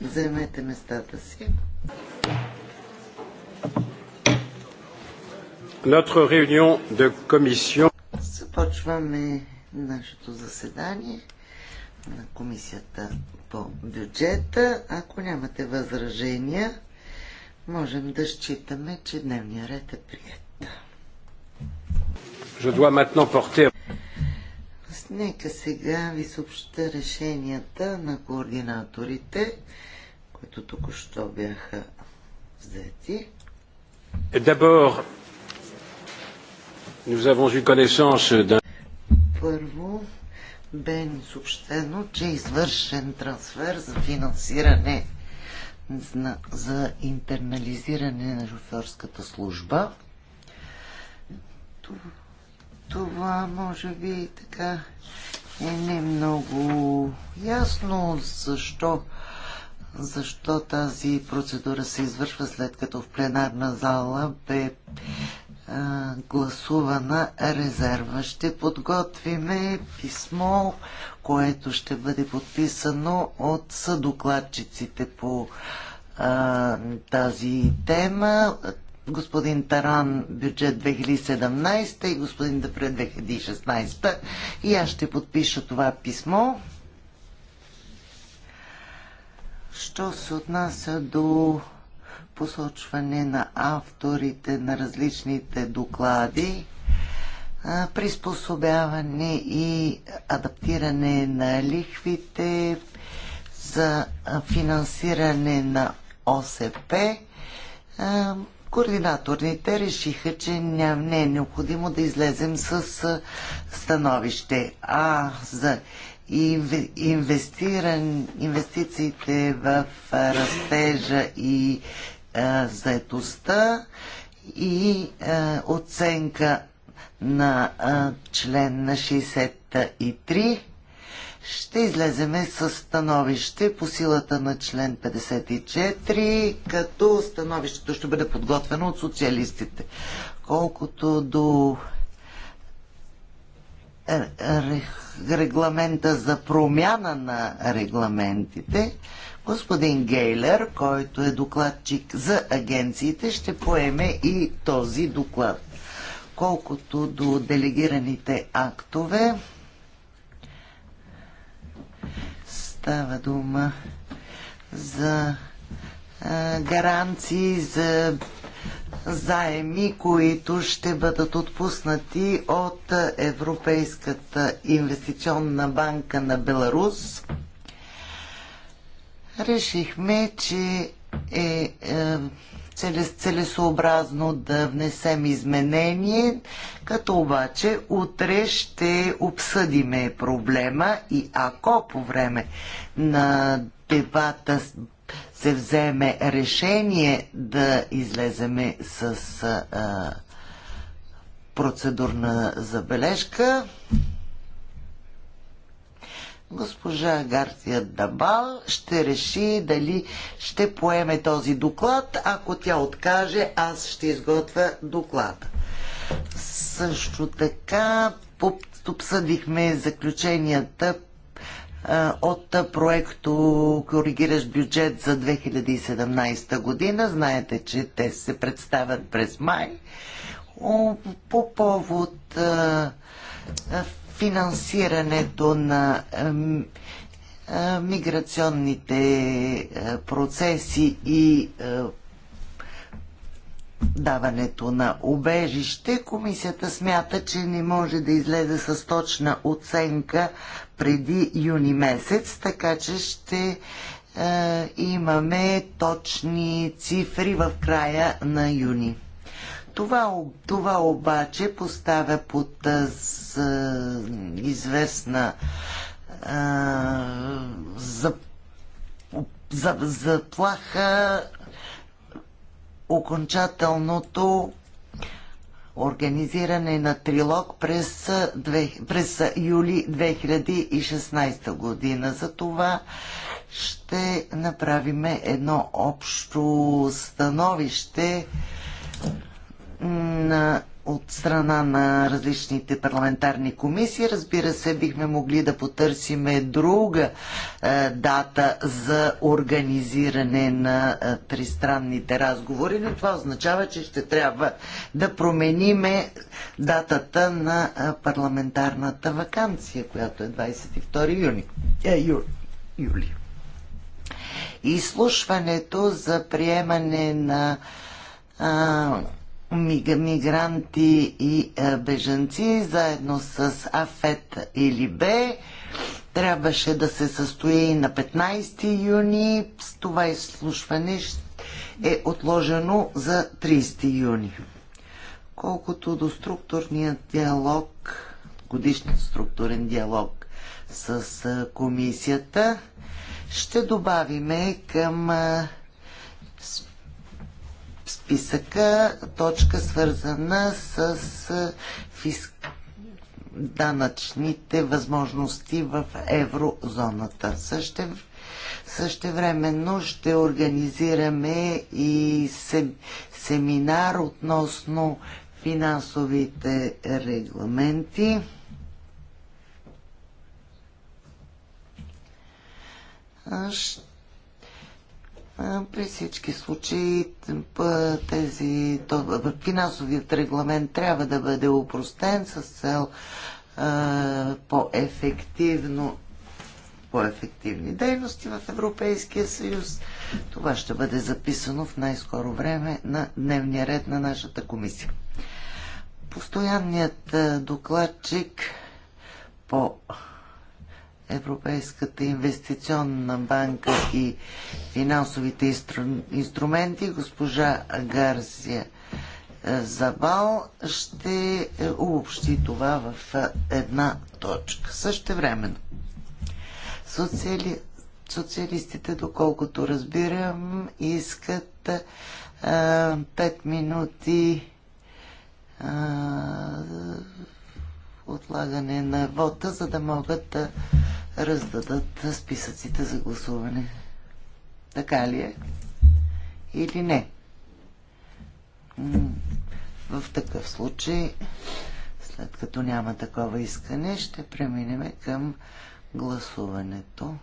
Займете местата си. Notre réunion de commission. Започваме нашето заседание на комисията по бюджета. Ако нямате възражения, можем да считаме, че дневния ред е прият. Je dois maintenant porter Нека сега ви съобща решенията на координаторите, които току-що бяха взети. nous avons eu connaissance d'un... Първо, бе ни съобщено, че е извършен трансфер за финансиране за интернализиране на шофьорската служба. Това това може би така е не много ясно защо защо тази процедура се извършва след като в пленарна зала бе а, гласувана резерва. Ще подготвиме писмо, което ще бъде подписано от съдокладчиците по а, тази тема господин Таран бюджет 2017 и господин Дъпре 2016 и аз ще подпиша това писмо. Що се отнася до посочване на авторите на различните доклади, приспособяване и адаптиране на лихвите за финансиране на ОСП, координаторните решиха, че не е необходимо да излезем с становище. А за инвестиран, инвестициите в растежа и а, заетостта и а, оценка на а, член на 63 ще излеземе с становище по силата на член 54, като становището ще бъде подготвено от социалистите. Колкото до е, регламента за промяна на регламентите, господин Гейлер, който е докладчик за агенциите, ще поеме и този доклад. Колкото до делегираните актове, Става дума за гаранции за заеми, които ще бъдат отпуснати от Европейската инвестиционна банка на Беларус. Решихме, че е, е целесообразно да внесем изменение, като обаче утре ще обсъдиме проблема и ако по време на дебата се вземе решение да излеземе с а, процедурна забележка, госпожа Гарсия Дабал ще реши дали ще поеме този доклад. Ако тя откаже, аз ще изготвя доклада. Също така обсъдихме заключенията от проекто Коригиращ бюджет за 2017 година. Знаете, че те се представят през май. По повод финансирането на миграционните е, процеси и е, даването на убежище, комисията смята, че не може да излезе с точна оценка преди юни месец, така че ще е, имаме точни цифри в края на юни. Това, това обаче поставя под с, известна заплаха за, за, заплаха окончателното организиране на трилог през, през юли 2016 година. За това ще направим едно общо становище на, от страна на различните парламентарни комисии. Разбира се, бихме могли да потърсиме друга е, дата за организиране на е, тристранните разговори, но това означава, че ще трябва да промениме датата на е, парламентарната вакансия, която е 22 юни. Е, ю, юли. Изслушването за приемане на а, мигранти и е, бежанци, заедно с АФЕТ или Б. Трябваше да се състои на 15 юни. С това изслушване е отложено за 30 юни. Колкото до структурния диалог, годишният структурен диалог с е, комисията, ще добавиме към е, списъка точка свързана с фиск... данъчните възможности в еврозоната. Също Същевременно ще организираме и семинар относно финансовите регламенти. Ще при всички случаи тези, финансовият регламент трябва да бъде упростен с цел по-ефективно по-ефективни дейности в Европейския съюз. Това ще бъде записано в най-скоро време на дневния ред на нашата комисия. Постоянният докладчик по Европейската инвестиционна банка и финансовите инстру... инструменти, госпожа Гарсия е, Забал ще обобщи е, това в е, една точка. Също времено. Социали... Социалистите, доколкото разбирам, искат а, 5 минути а, отлагане на вота, за да могат да раздадат списъците за гласуване. Така ли е? Или не? В такъв случай, след като няма такова искане, ще преминем към гласуването.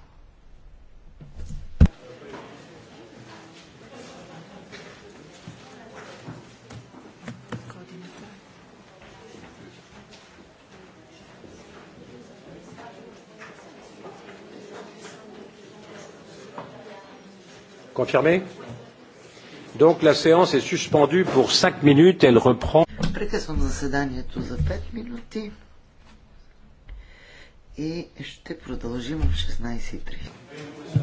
Confirmé Donc la séance est suspendue pour 5 minutes, elle reprend. Прекъсвам заседанието за 5 минути и ще продължим в 16.30.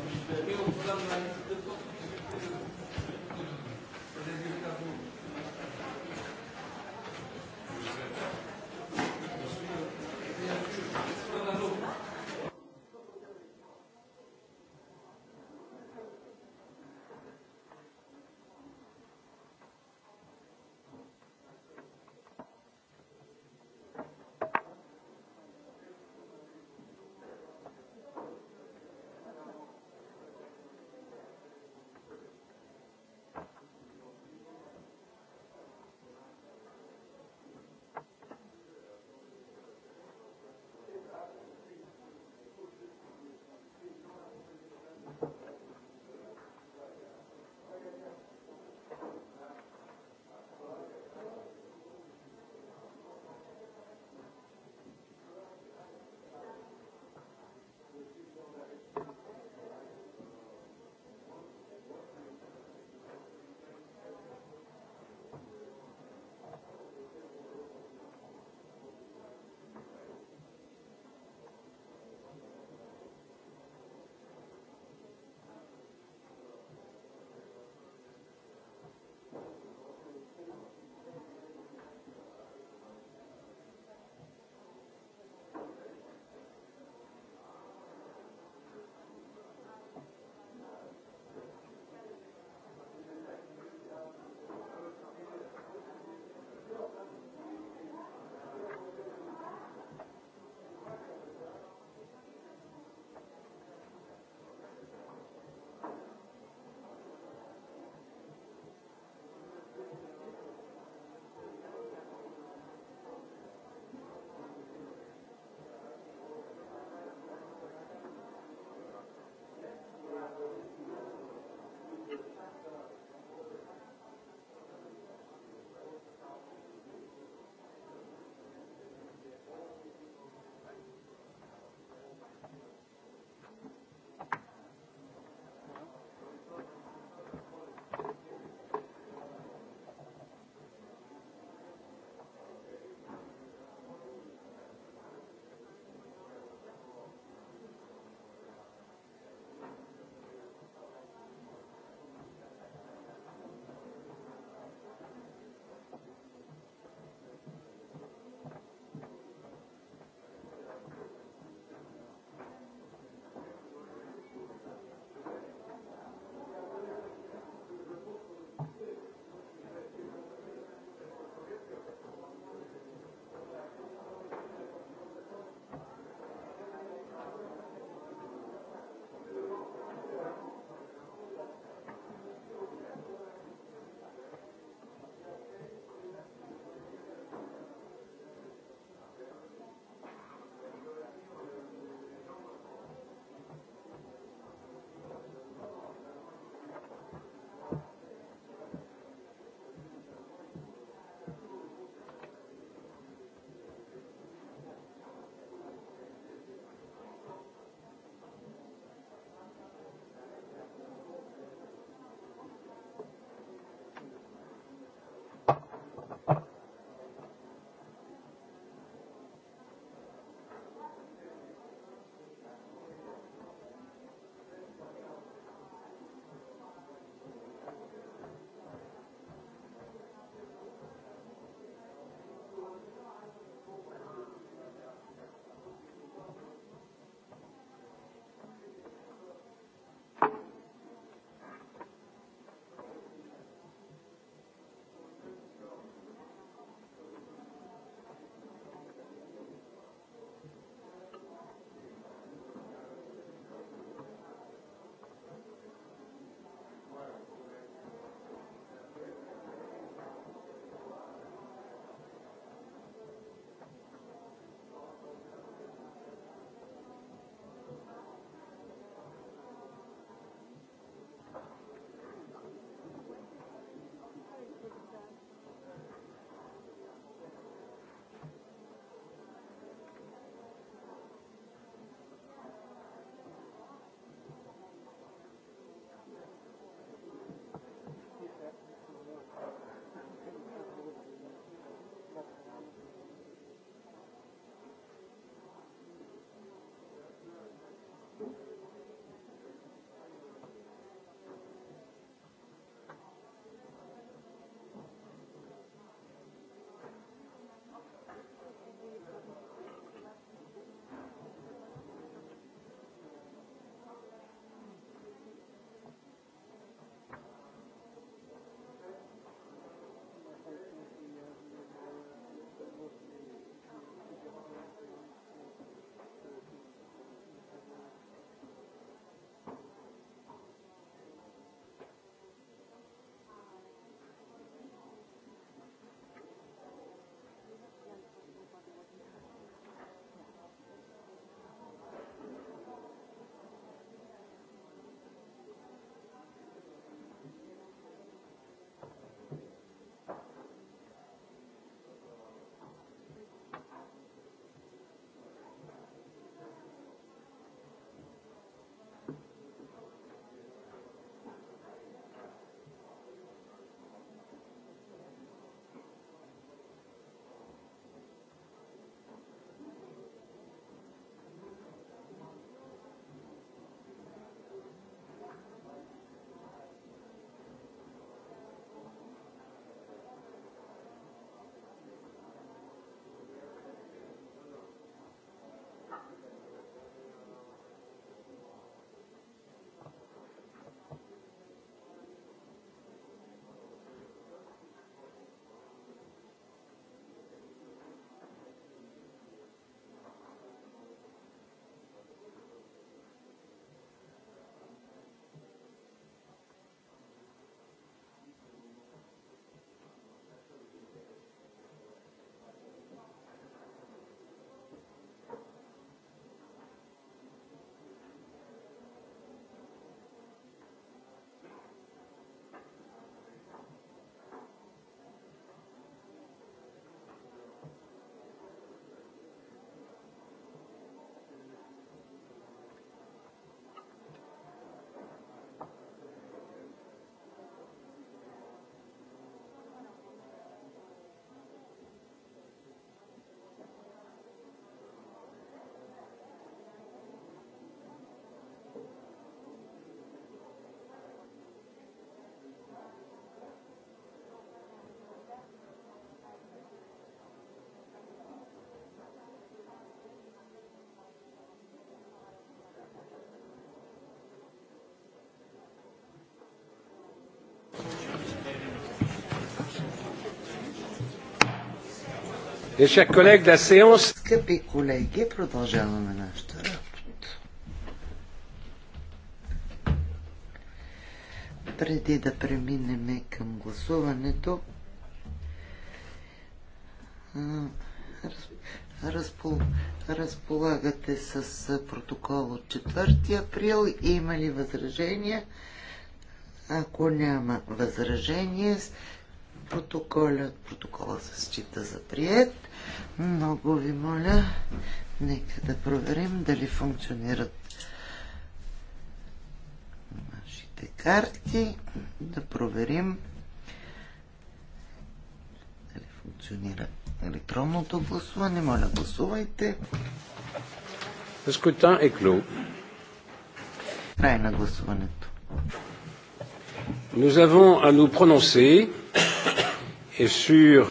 Скъпи колеги, продължаваме нашата работа. Преди да преминем към гласуването, разпол... разполагате с протокол от 4 април. Има ли възражения? Ако няма възражения, Протоколят, протокола се счита за прият. Много ви моля, нека да проверим дали функционират нашите карти. Да проверим дали функционира електронното гласуване. Моля, гласувайте. Скута е клю. Край на гласуването. Nous avons à nous prononcer et sur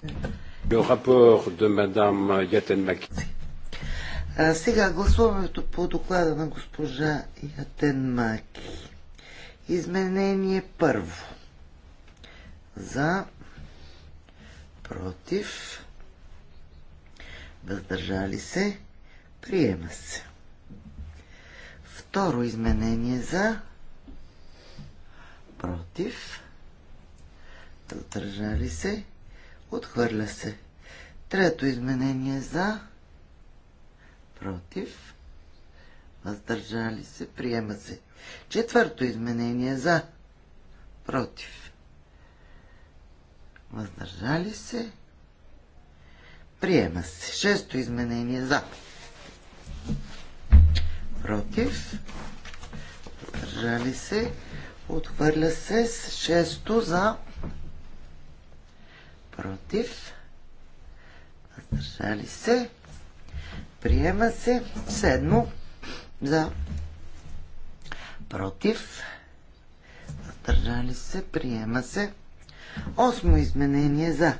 le rapport de Madame Yatenmaki. Сега гласуването по доклада на госпожа Ятенмаки. Изменение първо. За, против, въздържали се, приема се. Второ изменение за, против, въздържали се, Отхвърля се. Трето изменение за. Против. Въздържали се. Приема се. Четвърто изменение за. Против. Въздържали се. Приема се. Шесто изменение за. Против. Въздържали се. Отхвърля се с шесто за против, въздържали се, приема се, седмо, за, против, въздържали се, приема се, осмо изменение за,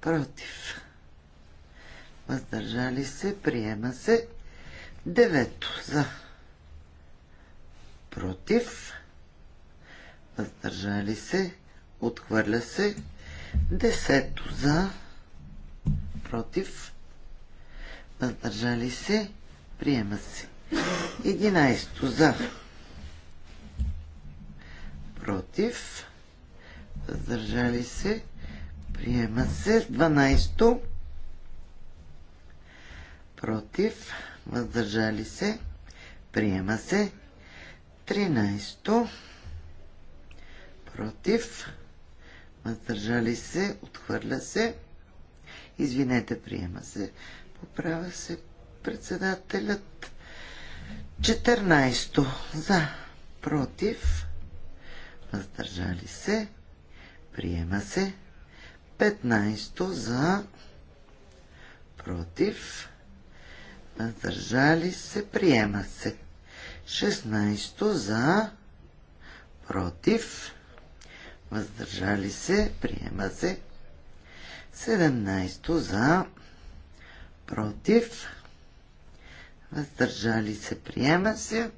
против, въздържали се, приема се, девето, за, против, въздържали се, отхвърля се, Десето за, против, въздържали се, приема се. Единайсто за, против, въздържали се, приема се. Дванайсто против, въздържали се, приема се. Тринайсто против, въздържали се, отхвърля се. Извинете, приема се. Поправя се председателят. 14 за, против, въздържали се, приема се. 15 за, против, въздържали се, приема се. 16 за, против, въздържали се, приема се. 17 за, против, въздържали се, приема се.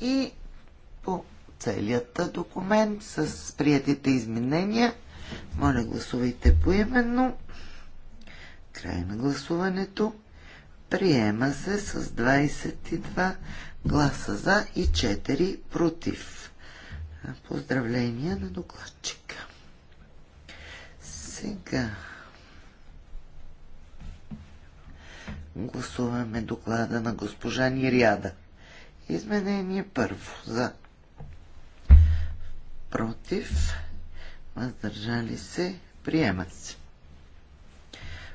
И по целият документ с приятите изменения, моля гласувайте поименно. Край на гласуването. Приема се с 22 гласа за и 4 против. Поздравления на докладчика. Сега гласуваме доклада на госпожа Ниряда. Изменение първо за против, въздържали се, приемат се.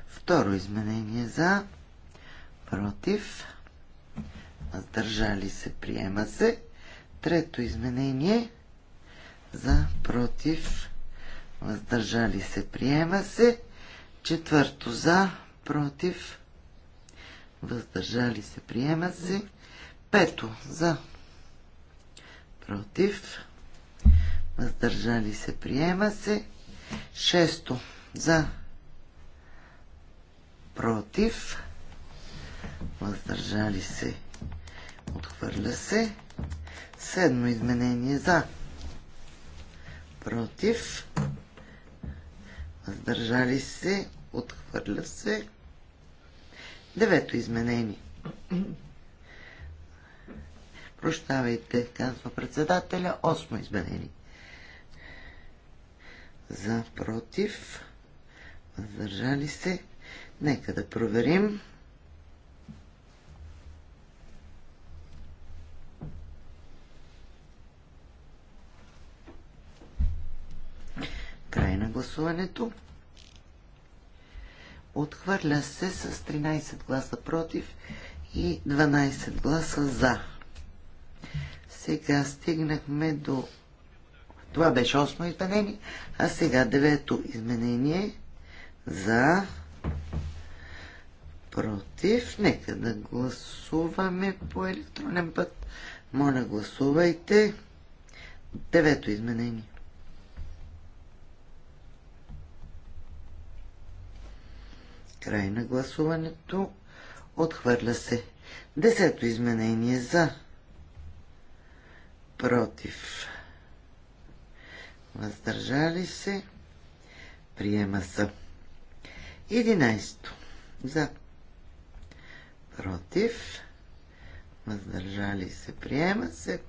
Второ изменение за против, въздържали се, приема се. Трето изменение за, против, въздържали се, приема се. Четвърто за, против, въздържали се, приема се. Пето за, против, въздържали се, приема се. Шесто за, против, въздържали се, отхвърля се. Седмо изменение за, против, въздържали се, отхвърля се. Девето изменение. Прощавайте, казва председателя. Осмо изменение. За против, въздържали се. Нека да проверим. Край на гласуването. Отхвърля се с 13 гласа против и 12 гласа за. Сега стигнахме до... Това беше 8 изменение, а сега 9 изменение за... Против. Нека да гласуваме по електронен път. Моля, гласувайте. Девето изменение. Край на гласуването. Отхвърля се. Десето изменение за. Против. Въздържали се. Приема са. Единайсто. За. Против. Въздържали се. Приема се.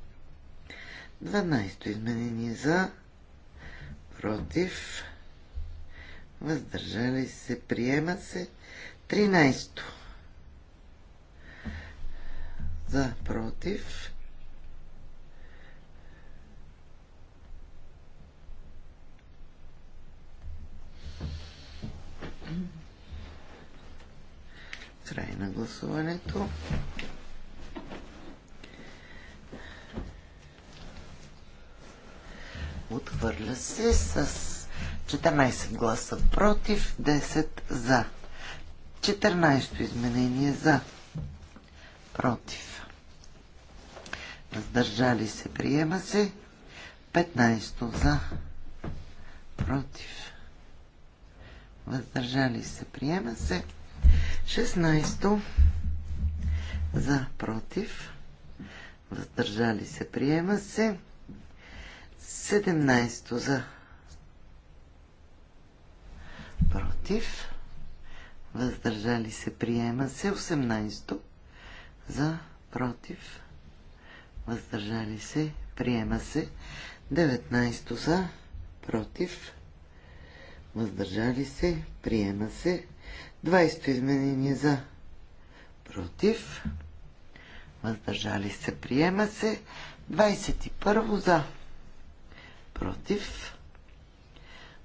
Дванайсто изменение за. Против. Против въздържали се, приема се. 13 за против. Край на гласуването. Отхвърля се с 14 гласа против, 10 за. 14 изменение за. Против. Въздържали се. Приема се. 15 за. Против. Въздържали се. Приема се. 16 за. Против. Въздържали се. Приема се. 17 за против, въздържали се, приема се. 18 за, против, въздържали се, приема се. 19 за, против, въздържали се, приема се. 20 изменение за, против, въздържали се, приема се. 21 за, против,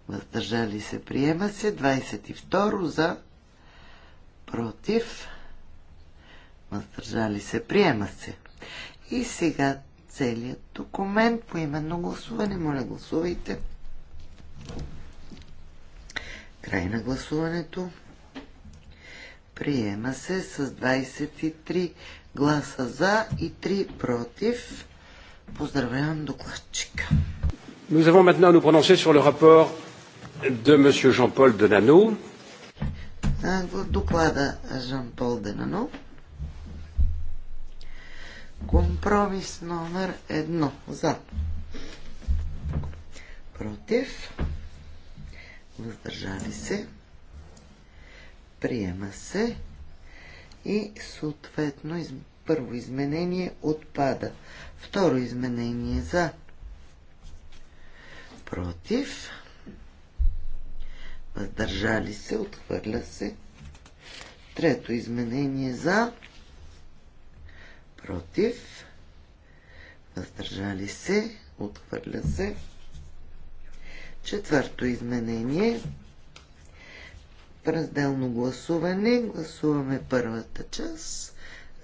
въздържали се, приема се. 22 за, против, въздържали се, приема се. И сега целият документ по именно гласуване. Моля, гласувайте. Край на гласуването. Приема се с 23 гласа за и 3 против. Поздравявам докладчика. Nous avons maintenant à nous prononcer sur le rapport de M. Jean-Paul Denano. Доклада Жан-Пол Денано. Компромис номер едно. За. Против. Въздържали се. Приема се. И съответно из... първо изменение отпада. Второ изменение за. Против въздържали се, отхвърля се. Трето изменение за, против, въздържали се, отхвърля се. Четвърто изменение. Разделно гласуване. Гласуваме първата част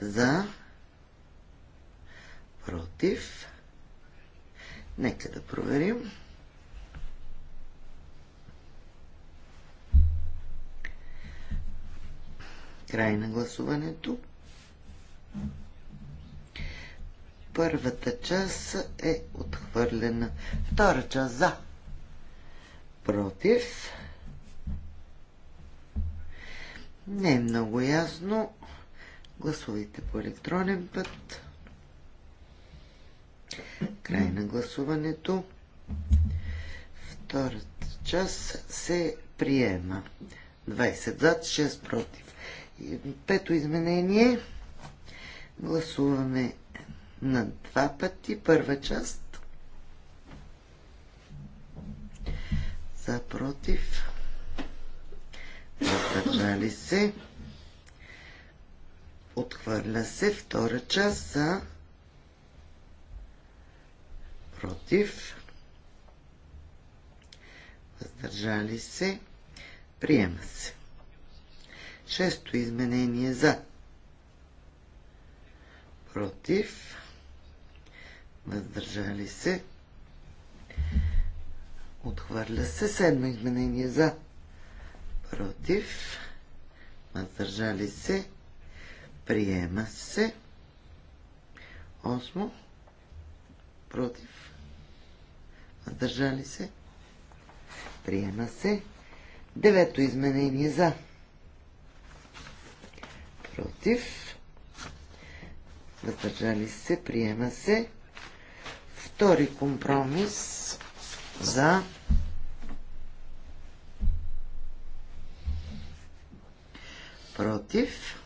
за, против. Нека да проверим. Край на гласуването. Първата част е отхвърлена. Втора част за. Против. Не е много ясно. Гласувайте по електронен път. Край на гласуването. Втората част се приема. 20 за, 6 против. Пето изменение. Гласуваме на два пъти. Първа част. За против. Въздържали се. Отхвърля се. Втора част за против. Въздържали се. Приема се. Шесто изменение за. Против. Въздържали се. Отхвърля се. Седмо изменение за. Против. Въздържали се. Приема се. Осмо. Против. Въздържали се. Приема се. Девето изменение за против, въздържали се, приема се. Втори компромис за против,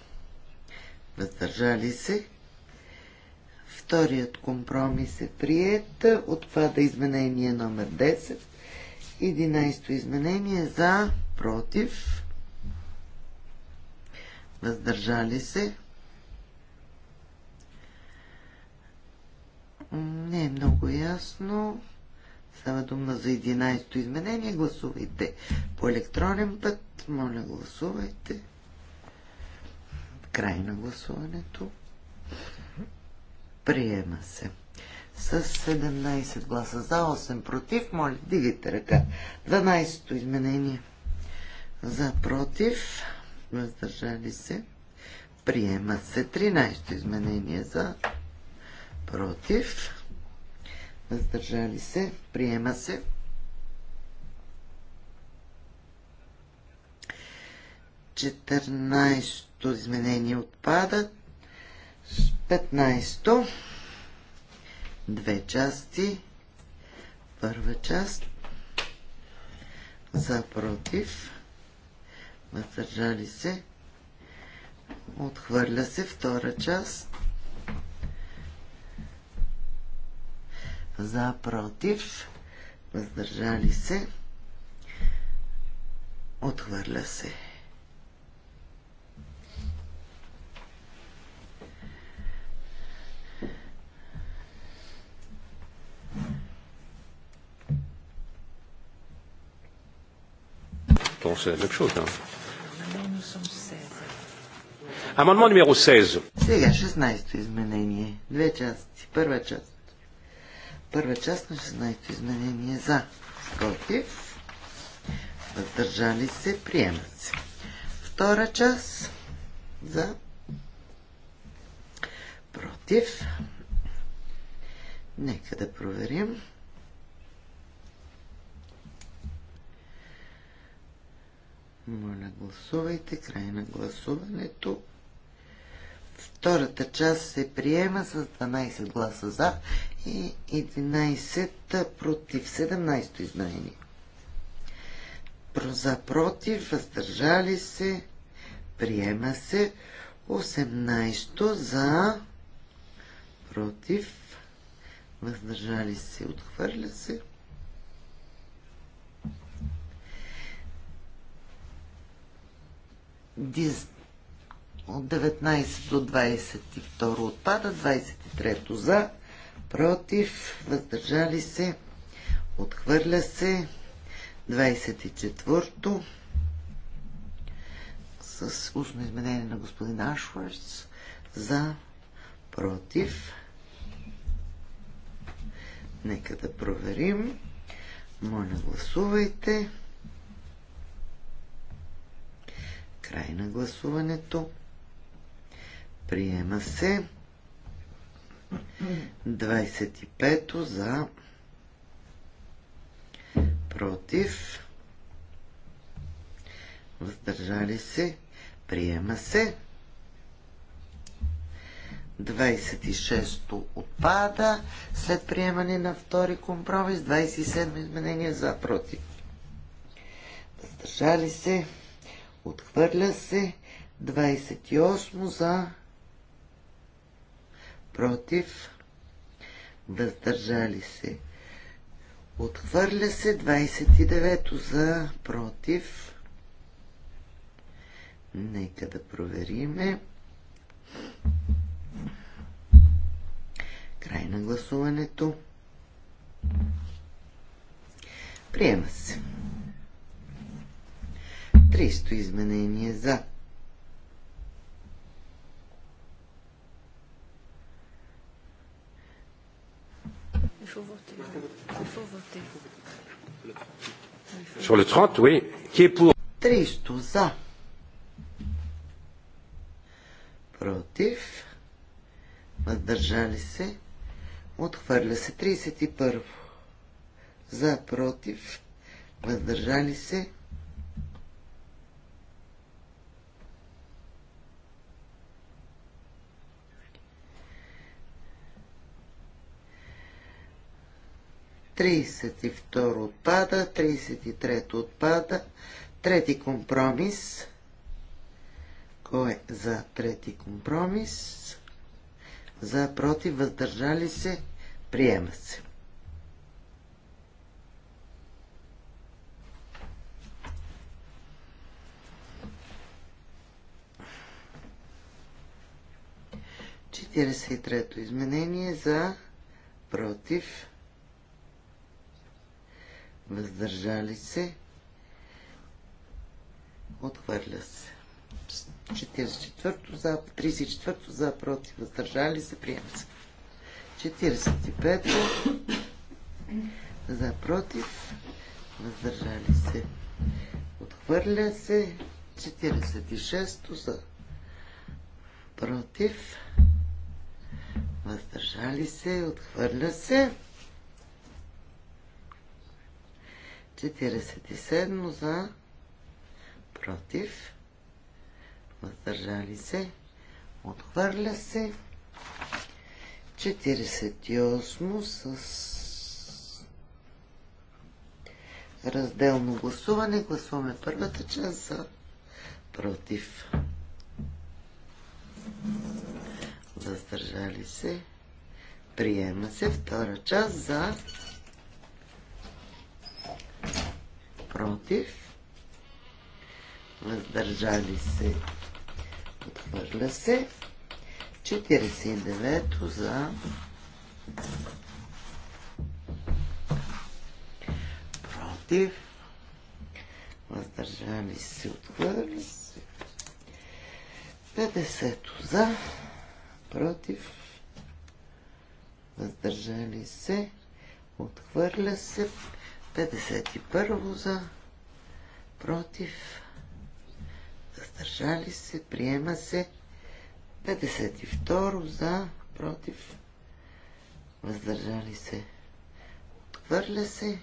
въздържали се. Вторият компромис е прият. Отпада изменение номер 10. 11 изменение за против въздържали се. Не е много ясно. Става дума за 11-то изменение. Гласувайте по електронен път. Моля, гласувайте. Край на гласуването. Приема се. С 17 гласа за, 8 против. Моля, дигайте ръка. 12-то изменение. За против въздържали се. Приема се 13 изменение за против. Въздържали се. Приема се. Четърнайсто изменение отпада. Петнайсто. Две части. Първа част. За против въздържали се, отхвърля се втора част, за, против, въздържали се, отхвърля се. pense е même chose. Hein. Амандмент номеро 16. Сега 16-то изменение. Две части. Първа част. Първа част на 16-то изменение. За. Против. Въздържали се. Приемат се. Втора част. За. Против. Нека да проверим. Моля, гласувайте. Край на гласуването. Втората част се приема с 12 гласа за и 11 против 17 изменение. За против, въздържали се, приема се 18 за против, въздържали се, отхвърля се Диз... От 19 до 22 отпада, 23 за, против, въздържали се, отхвърля се, 24 то с устно изменение на господин Ашвардс за, против. Нека да проверим. Моля, гласувайте. Край на гласуването. Приема се. 25 за против въздържали се приема се 26-то отпада след приемане на втори компромис 27 изменения за против въздържали се Отхвърля се. 28 за. Против. Въздържали се. Отхвърля се. 29 за. Против. Нека да провериме. Край на гласуването. Приема се. 300 изменения за. Sur le 30, oui. Qui est pour 300 за. Против. Въздържали се. Отхвърля се 31. За, против. Въздържали се. 32 отпада, 33 отпада, трети компромис. Кой е за трети компромис? За, против, въздържали се, приема се. Четиридесет и трето изменение за против въздържали се, отхвърля се. 44 за, 34 за, против, въздържали се, приема се. 45 за, против, въздържали се, отхвърля се. 46 за, против, въздържали се, отхвърля се. 47 за, против, въздържали се, отхвърля се. 48 с разделно гласуване. Гласуваме първата част за против. Въздържали се. Приема се втора част за против, въздържали се, отхвърля се. 49 за против, въздържали се, отхвърля се. 50 за против, въздържали се, отхвърля се. 51 за, против, въздържали се, приема се. 52 за, против, въздържали се, отхвърля се.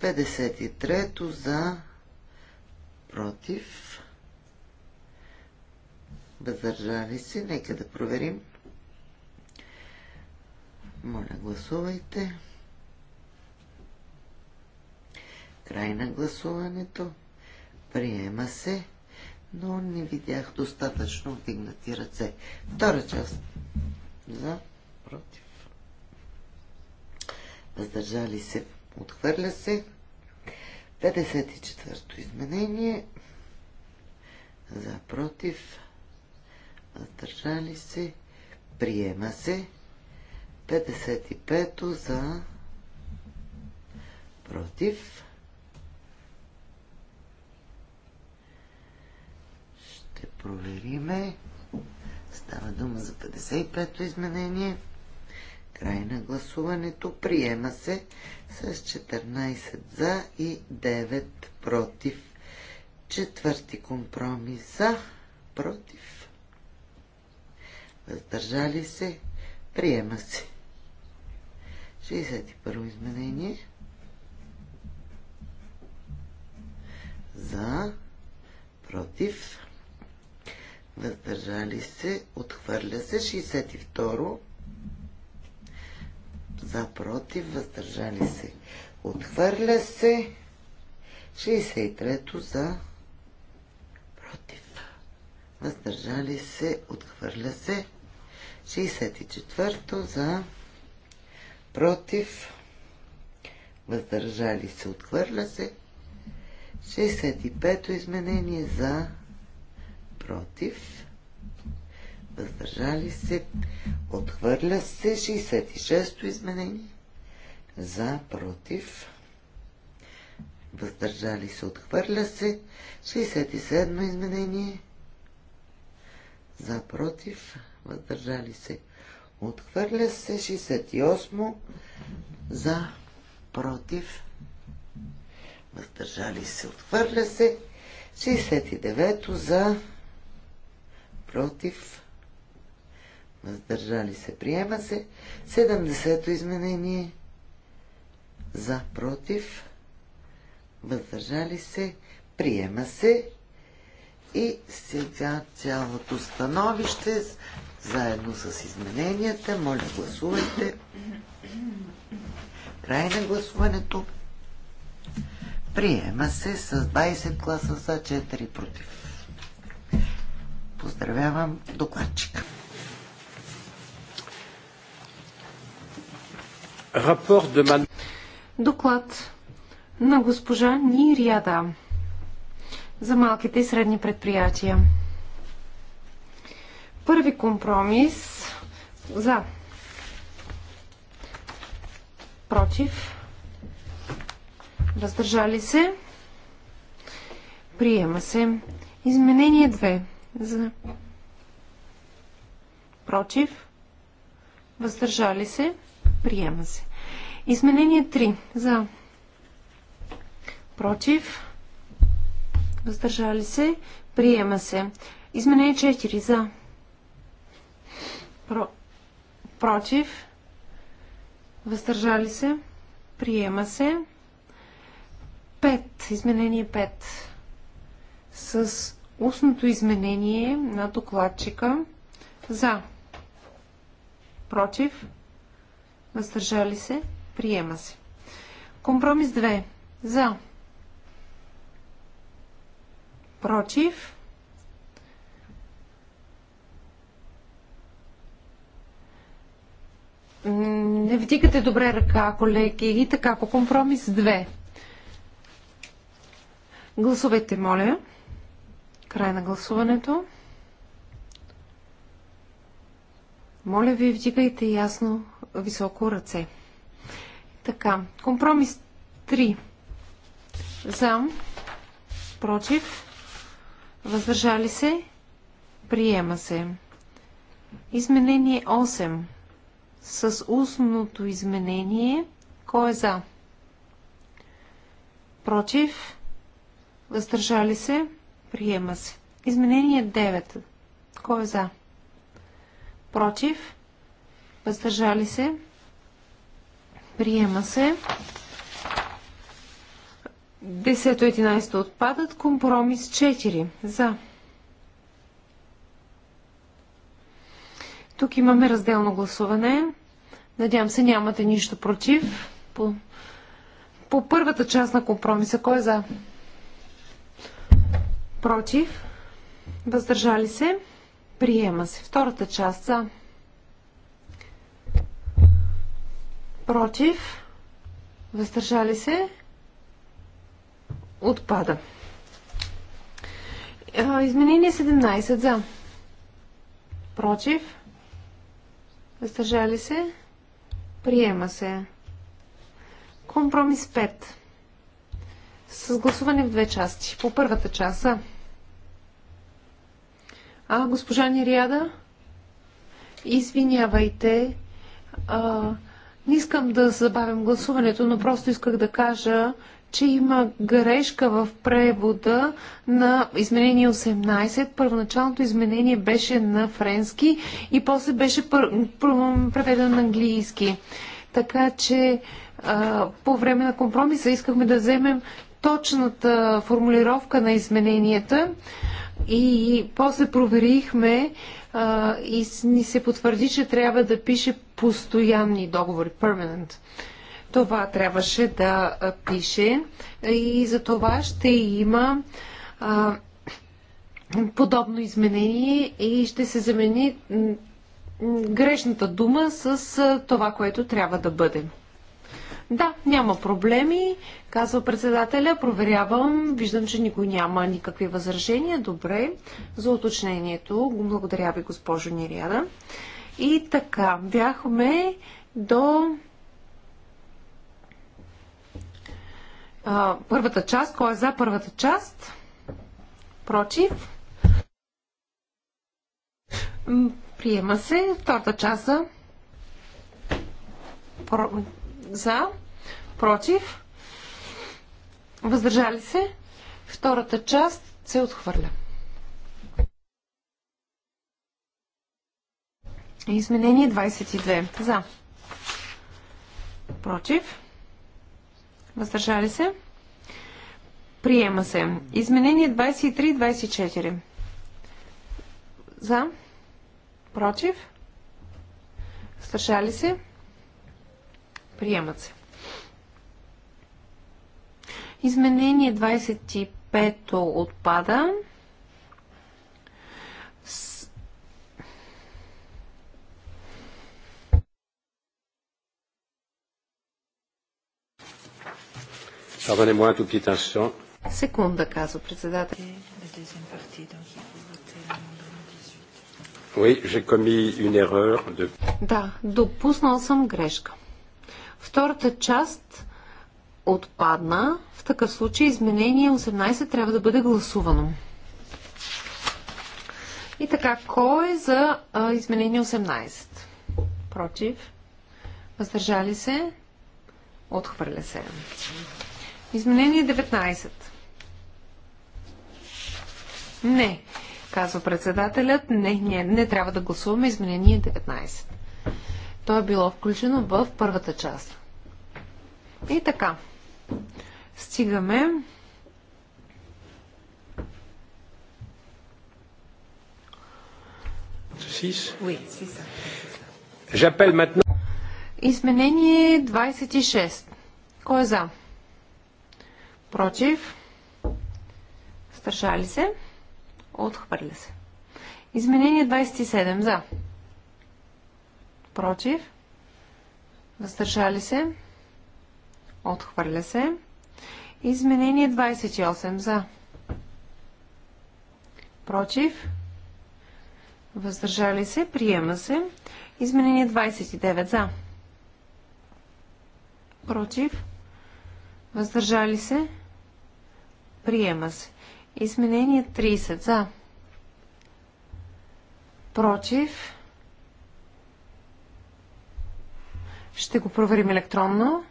53 за, против, въздържали се. Нека да проверим. Моля, гласувайте. Край на гласуването. Приема се, но не видях достатъчно вдигнати ръце. Втора част. За, против. Въздържали се. Отхвърля се. 54-то изменение. За, против. Въздържали се. Приема се. 55-то за против. Ще провериме. Става дума за 55-то изменение. Край на гласуването. Приема се с 14 за и 9 против. Четвърти компромис за, против. Въздържали се. Приема се. 61 изменение. За, против въздържали се, отхвърля се. 62 за, против, въздържали се, отхвърля се. 63 за, против, въздържали се, отхвърля се. 64 за, против, въздържали се, отхвърля се. 65-то изменение за против, въздържали се, отхвърля се 66-то изменение, за, против, въздържали се, отхвърля се 67-то изменение, за, против, въздържали се, отхвърля се 68-то, за, против, въздържали се, отхвърля се 69-то за против, въздържали се, приема се. 70-то изменение за, против, въздържали се, приема се. И сега цялото становище, заедно с измененията. Моля, гласувайте. Край на гласуването. Приема се с 20 гласа за 4 против. Поздравявам докладчика. Доклад на госпожа Нирияда за малките и средни предприятия. Първи компромис за против въздържали се приема се изменение 2 за. Против. Въздържали се. Приема се. Изменение 3. За. Против. Въздържали се. Приема се. Изменение 4. За. Про... Против. Въздържали се. Приема се. 5. Изменение 5. С устното изменение на докладчика за против въздържали се приема се. Компромис 2 за против Не вдигате добре ръка, колеги. И така, по компромис 2. Гласувайте, моля. Край на гласуването. Моля ви, вдигайте ясно високо ръце. Така, компромис 3. За, против, въздържали се, приема се. Изменение 8. С устното изменение, кой е за? Против, въздържали се, Приема се. Изменение 9. Кой е за? Против? Въздържали се? Приема се. 10-11 отпадат. Компромис 4. За. Тук имаме разделно гласуване. Надявам се нямате нищо против. По, по първата част на компромиса. Кой е за? Против. Въздържали се. Приема се. Втората част за. Против. Въздържали се. Отпада. Изменение 17 за. Против. Въздържали се. Приема се. Компромис 5 с гласуване в две части. По първата част А, госпожа Нириада, извинявайте. А, не искам да забавям гласуването, но просто исках да кажа, че има грешка в превода на изменение 18. Първоначалното изменение беше на френски и после беше преведено на английски. Така че а, по време на компромиса искахме да вземем точната формулировка на измененията и после проверихме а, и ни се потвърди, че трябва да пише постоянни договори, permanent. Това трябваше да пише и за това ще има а, подобно изменение и ще се замени грешната дума с това, което трябва да бъде. Да, няма проблеми, казва председателя. Проверявам. Виждам, че никой няма никакви възражения. Добре. За уточнението. Благодаря ви, госпожо Ниряда. И така, бяхме до а, първата част. Кой е за първата част? Против? Приема се. Втората част за за, против, въздържали се. Втората част се отхвърля. Изменение 22. За. Против. Въздържали се. Приема се. Изменение 23-24. За. Против. Въздържали се. Приемат се. Изменение 25 отпада. Секунда, казва председател. Oui, j'ai commis une erreur de... Да, допуснал съм грешка. Втората част отпадна. В такъв случай изменение 18 трябва да бъде гласувано. И така, кой е за а, изменение 18? Против? Въздържали се? Отхвърля се. Изменение 19. Не, казва председателят. Не, не, не трябва да гласуваме изменение 19. То е било включено в първата част. И така. Стигаме Изменение 26. Кой е за? Против? Стършали се? Отхвърля се. Изменение 27. За против, въздържали се, отхвърля се. Изменение 28 за, против, въздържали се, приема се. Изменение 29 за, против, въздържали се, приема се. Изменение 30 за, против, Ще го проверим електронно.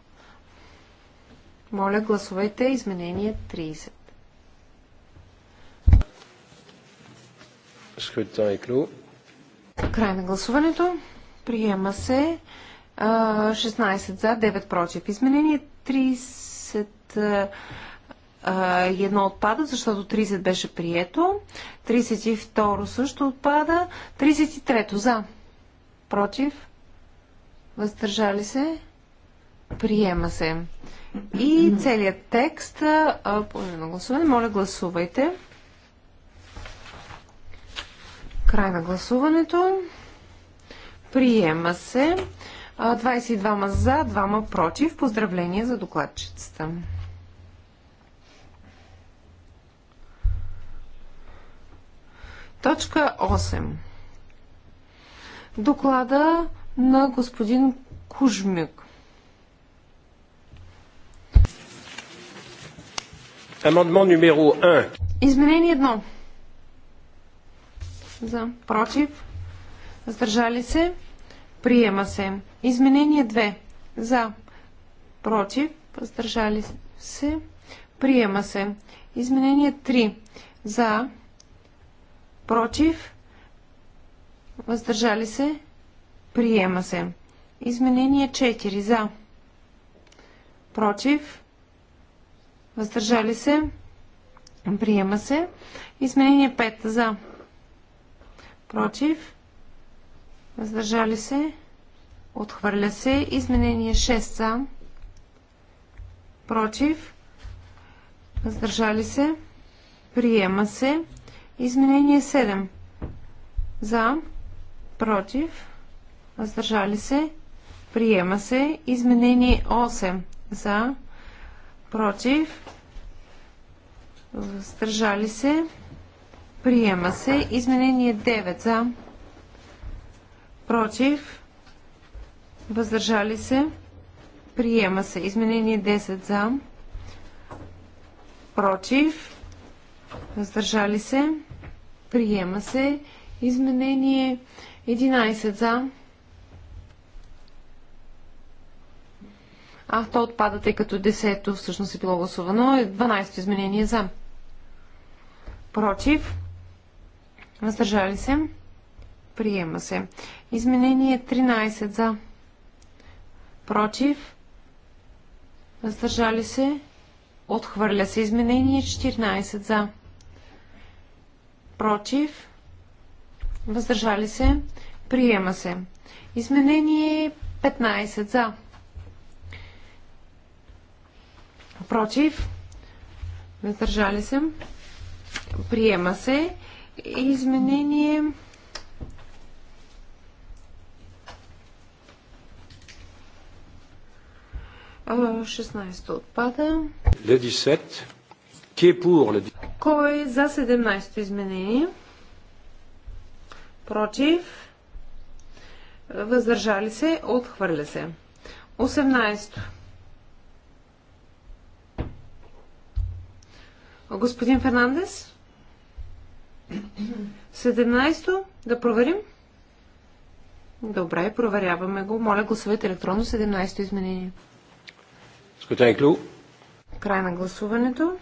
Моля, гласувайте изменение 30. Край на гласуването. Приема се 16 за, 9 против. Изменение 30 отпада, защото 30 беше прието. 32 също отпада. 33 за, против въздържали се, приема се. И целият текст по на гласуване. Моля, гласувайте. Край на гласуването. Приема се. 22 за, 2 против. Поздравления за докладчицата. Точка 8. Доклада на господин Кужмик. Амендмент номеро 1. Изменение 1. За. Против. Въздържали се. Приема се. Изменение 2. За. Против. Въздържали се. Приема се. Изменение 3. За. Против. Въздържали се. Приема се. Изменение 4. За. Против. Въздържали се. Приема се. Изменение 5. За. Против. Въздържали се. Отхвърля се. Изменение 6. За. Против. Въздържали се. Приема се. Изменение 7. За. Против въздържали се, приема се. Изменение 8 за, против, въздържали се, приема се. Изменение 9 за, против, въздържали се, приема се. Изменение 10 за, против, въздържали се, приема се. Изменение 11 за, против, А, то отпада, тъй като 10-то всъщност е било гласувано. 12-то е, изменение за. Против. Въздържали се. Приема се. Изменение 13 за. Против. Въздържали се. Отхвърля се. Изменение 14 за. Против. Въздържали се. Приема се. Изменение 15 за Против. Въздържали се. Приема се. Изменение. Uh, 16 отпада. Le 17. Qui est pour le... Кой е за 17-то изменение? Против. Въздържали се. Отхвърля се. 18. Господин Фернандес? 17-то, да проверим. Добре, проверяваме го. Моля, гласувайте електронно 17-то изменение. Скотай клю. Край на гласуването.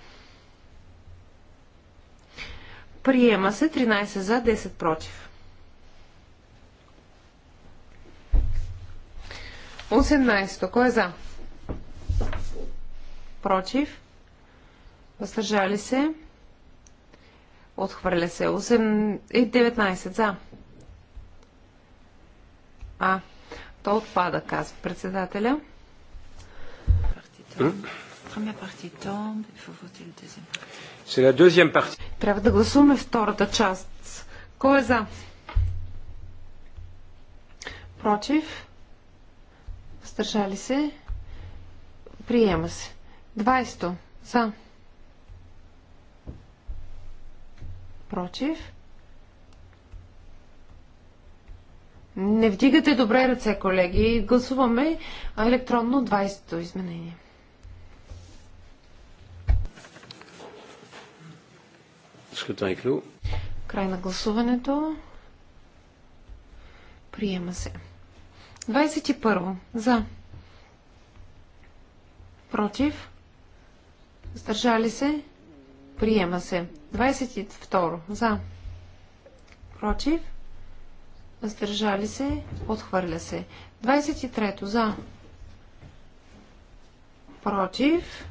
Приема се 13 за, 10 против. 18. Кой е за? Против. Въздържали се. Отхвърля се. 8 и 19 за. А, то отпада, казва председателя. Е Трябва да гласуваме втората част. Кой е за? Против? Въздържали се? Приема се. 20. За. Напротив. Не вдигате добре ръце, колеги. Гласуваме електронно 20-то изменение. Край на гласуването. Приема се. 21. За. Против. Сдържали се. Приема се. 22. За. Против. Въздържали се. Отхвърля се. 23. За. Против.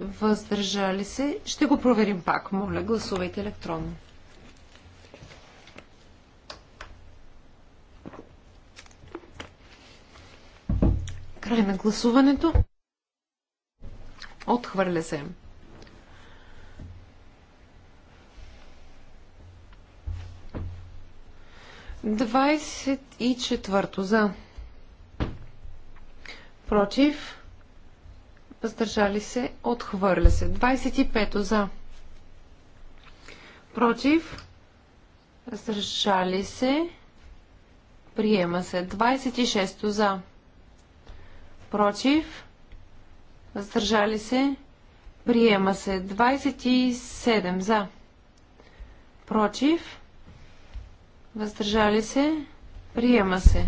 Въздържали се. Ще го проверим пак. Моля, гласувайте електронно. Край на гласуването. Отхвърля се. Двадесет и четвърто за. Против. Въздържали се. Отхвърля се. 25 за. Против. Въздържали се. Приема се. 26 за. Против въздържали се, приема се. 27 за, против, въздържали се, приема се.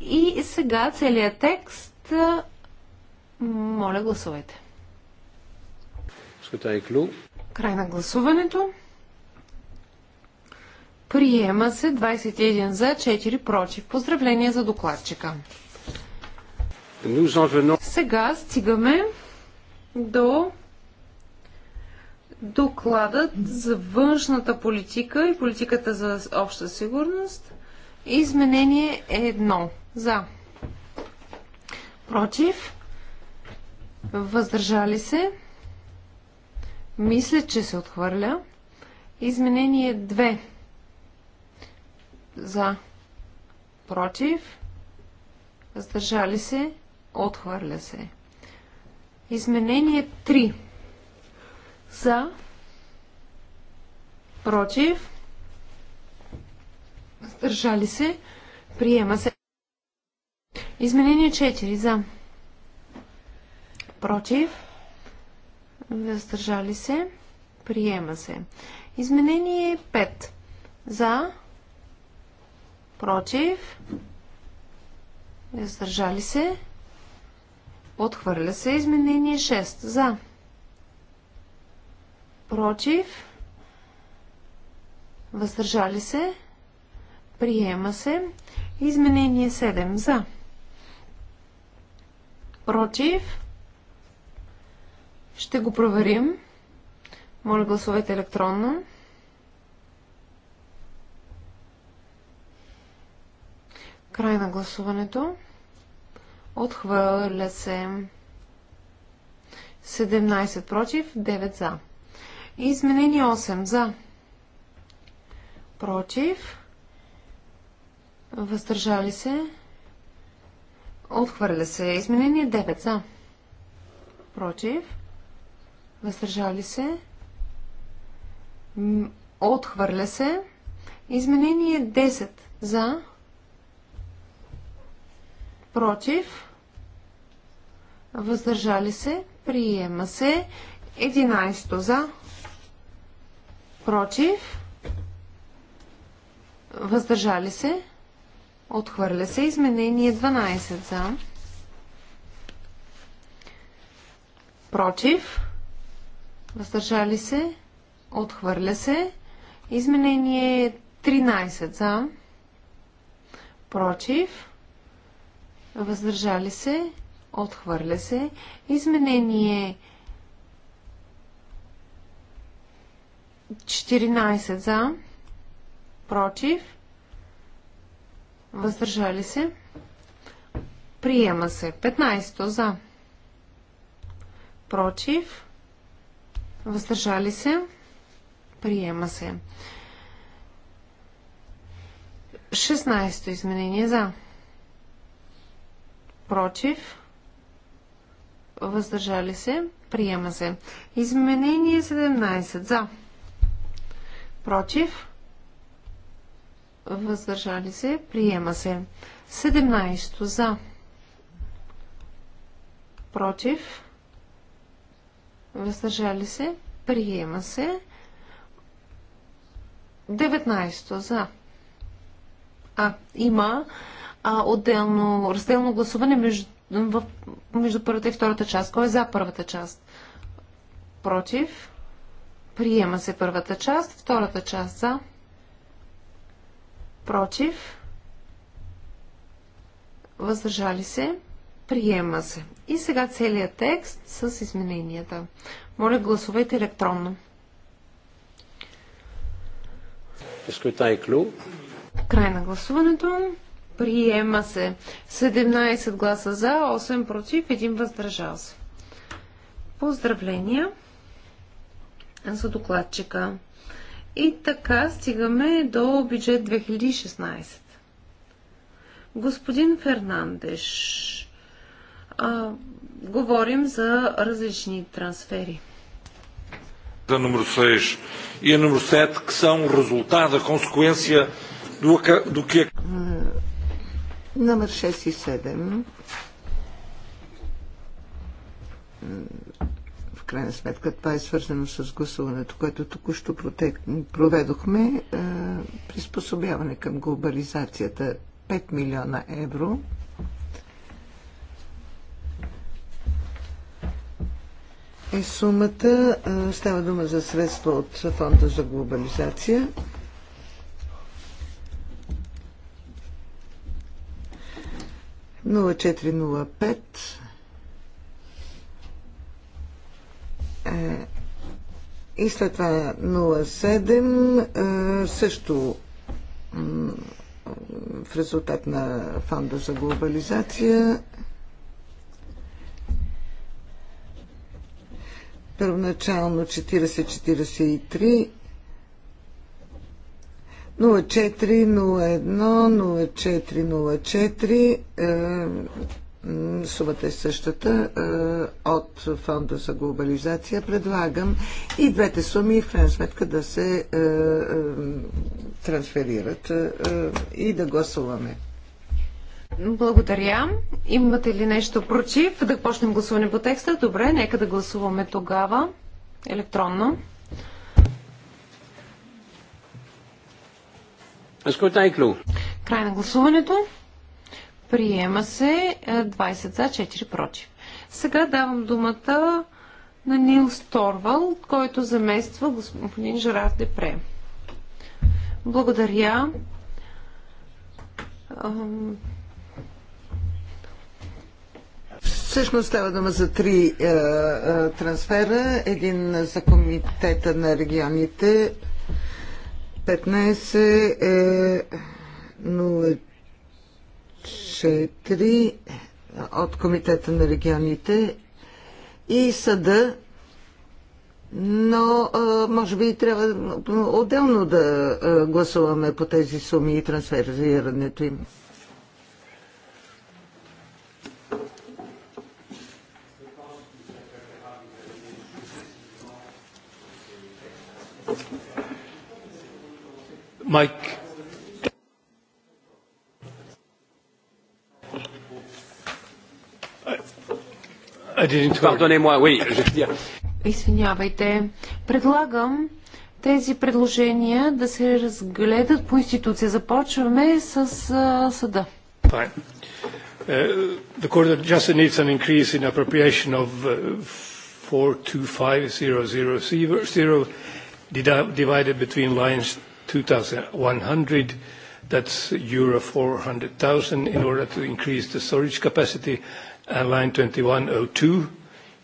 И сега целият текст, моля гласувайте. Край на гласуването. Приема се 21 за, 4 против. Поздравления за докладчика. Сега стигаме до докладът за външната политика и политиката за обща сигурност. Изменение е едно. За. Против. Въздържали се. Мисля, че се отхвърля. Изменение 2. За. Против. Въздържали се. Отхвърля се. Изменение 3. За. Против. Сдържали се. Приема се. Изменение 4. За. Против. Въздържали се. Приема се. Изменение 5. За. Против. Въздържали се. Отхвърля се изменение 6. За. Против. Въздържали се. Приема се. Изменение 7. За. Против. Ще го проверим. Моля гласовете електронно. Край на гласуването. Отхвърля се. 17 против, 9 за. Изменение 8 за. Против. Въздържали се. Отхвърля се. Изменение 9 за. Против. Въздържали се. Отхвърля се. Изменение 10 за. Против въздържали се, приема се. 11 за, против, въздържали се, отхвърля се. Изменение 12 за, против, въздържали се, отхвърля се. Изменение 13 за, против, въздържали се, Отхвърля се. Изменение 14 за. Против. Въздържали се. Приема се. 15 за. Против. Въздържали се. Приема се. 16 изменение за. Против въздържали се, приема се. Изменение 17 за, против, въздържали се, приема се. 17 за, против, въздържали се, приема се. 19 за. А, има а, отделно, разделно гласуване между в, между първата и втората част. Кой е за първата част? Против. Приема се първата част. Втората част за. Против. Въздържали се. Приема се. И сега целият текст с измененията. Моля, гласувайте електронно. Край на гласуването. Приема се. 17 гласа за, 8 против, 1 въздържал се. Поздравления за докладчика. И така стигаме до бюджет 2016. Господин Фернандеш, а, говорим за различни трансфери. За номер и е 7, само são resultado, consequência Номер 6 и 7 в крайна сметка това е свързано с гласуването, което току-що проведохме. Е, приспособяване към глобализацията 5 милиона евро. Е сумата. Е, става дума за средства от Фонда за глобализация. 0405 е, и след това 07 е, също в резултат на фонда за глобализация първоначално 40-43 0401-0404. Е, сумата е същата е, от Фонда за глобализация. Предлагам и двете суми в крайна сметка да се е, трансферират и да гласуваме. Благодаря. Имате ли нещо против? Да почнем гласуване по текста. Добре, нека да гласуваме тогава електронно. Край на гласуването. Приема се 20 е, за 4 против. Сега давам думата на Нил Сторвал, който замества господин Жерар Депре. Благодаря. Всъщност става дума за три е, е, трансфера. Един за комитета на регионите 15 е 04 е, от Комитета на регионите и съда, но е, може би трябва отделно да е, гласуваме по тези суми и трансферирането им. Извинявайте. Предлагам тези предложения да се разгледат по институция. Започваме с съда. Uh, the court just needs an increase in appropriation of 425,000 uh, divided between lines 2,100. That's euro 400,000 in order to increase the storage capacity. and Line 2102,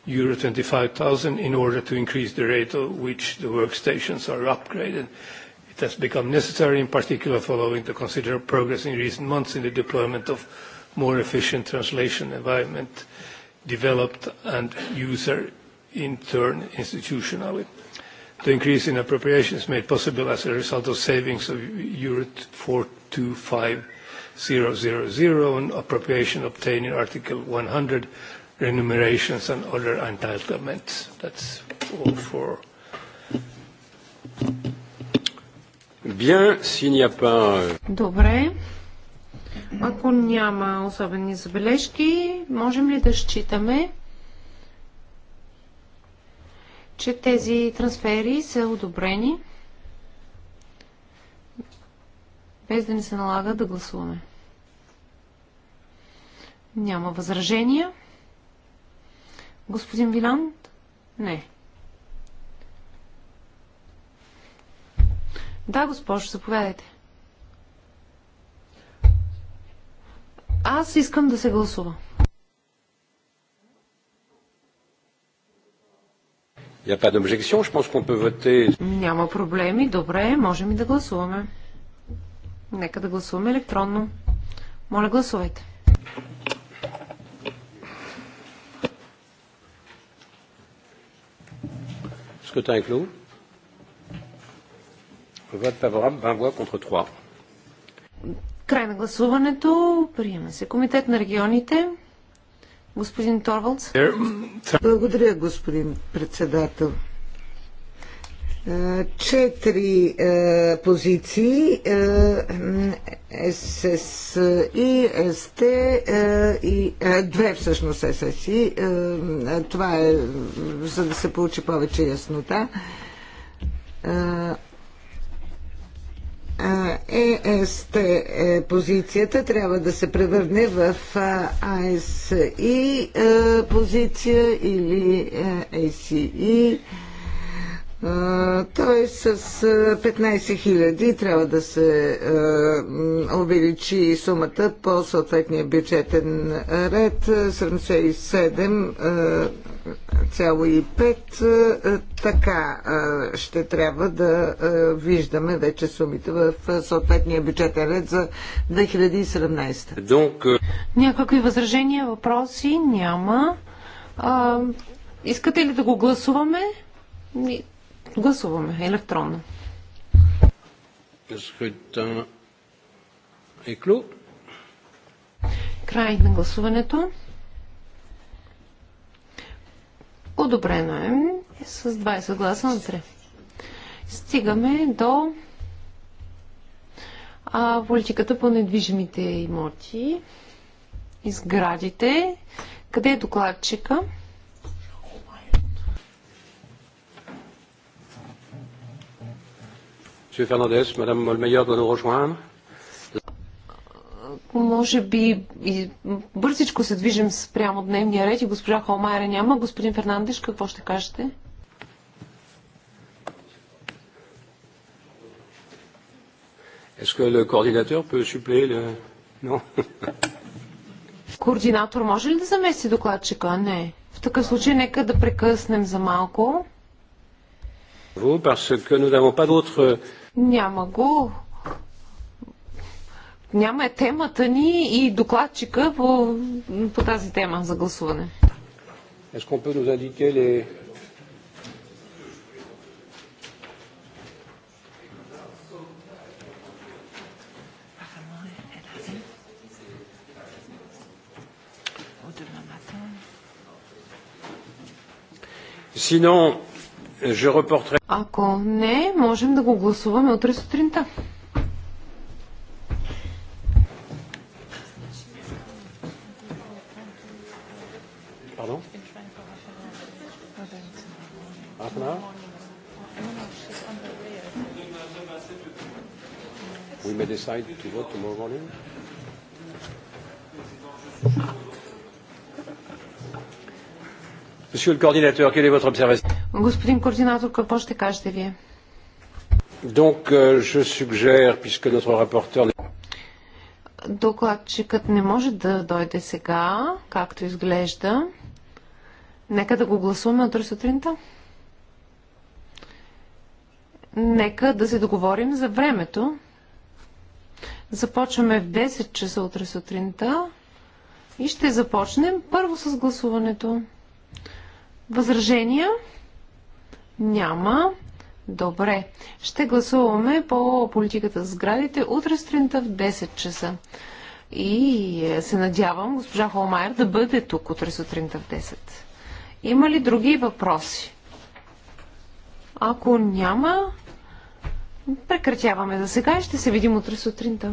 euro 25,000 in order to increase the rate at which the workstations are upgraded. It has become necessary, in particular, following the considerable progress in recent months in the deployment of more efficient translation environment developed and user in turn institutionally. The increase in appropriations made possible as a result of savings of euro 425000 on appropriation obtained in Article 100, remunerations and other entitlements. That's all for. Добре. Ако няма особени забележки, можем ли да считаме, че тези трансфери са одобрени, без да ни се налага да гласуваме. Няма възражения. Господин Виланд? Не. Да, госпожо, заповядайте. Аз искам да се гласува. Няма проблеми. Добре, можем и да гласуваме. Нека да гласуваме електронно. Моля, гласувайте. Scrutin est clos. favorable, 20 voix contre 3. Край на гласуването. Приема се. Комитет на регионите. Господин Торвалдс. Е, Благодаря, господин председател. Е, четири е, позиции е, СС е, СТ е, и е, две всъщност ССИ. е, това е за да се получи повече яснота. Е, ЕСТ е позицията трябва да се превърне в АСИ позиция или АСИ той с 15 000 трябва да се увеличи сумата по съответния бюджетен ред 77,5. Така ще трябва да виждаме вече сумите в съответния бюджетен ред за 2017. Donc... Euh, Някакви възражения, въпроси няма. А, искате ли да го гласуваме? Гласуваме електронно. Е Край на гласуването. Одобрено е с 20 гласа на 3. Стигаме до а, политиката по недвижимите имоти, изградите. Къде е докладчика? Monsieur Fernandez, Madame Molmeyer doit nous rejoindre. Може би и бързичко се движим спрямо дневния ред и госпожа Холмайра няма. Господин Фернандеш, какво ще кажете? Est-ce que le coordinateur peut suppléer le... Non. Координатор може ли да замести докладчика? Не. В такъв случай нека да прекъснем за малко. Vous, parce que nous n'avons pas d'autres няма го. Няма е темата ни и докладчика по, по тази тема за гласуване. Sinon, ако не, можем да го гласуваме утре сутринта. Pardon? Half an hour? We may decide to vote tomorrow morning. Monsieur le coordinateur, quelle est votre observation Господин координатор, какво ще кажете вие? Donc, euh, je suggère, puisque notre rapporteur... Докладчикът не може да дойде сега, както изглежда. Нека да го гласуваме утре сутринта. Нека да се договорим за времето. Започваме в 10 часа утре сутринта и ще започнем първо с гласуването. Възражения? Няма. Добре. Ще гласуваме по политиката за сградите утре сутринта в 10 часа. И е, се надявам госпожа Холмайер да бъде тук утре сутринта в 10. Има ли други въпроси? Ако няма, прекратяваме за сега и ще се видим утре сутринта.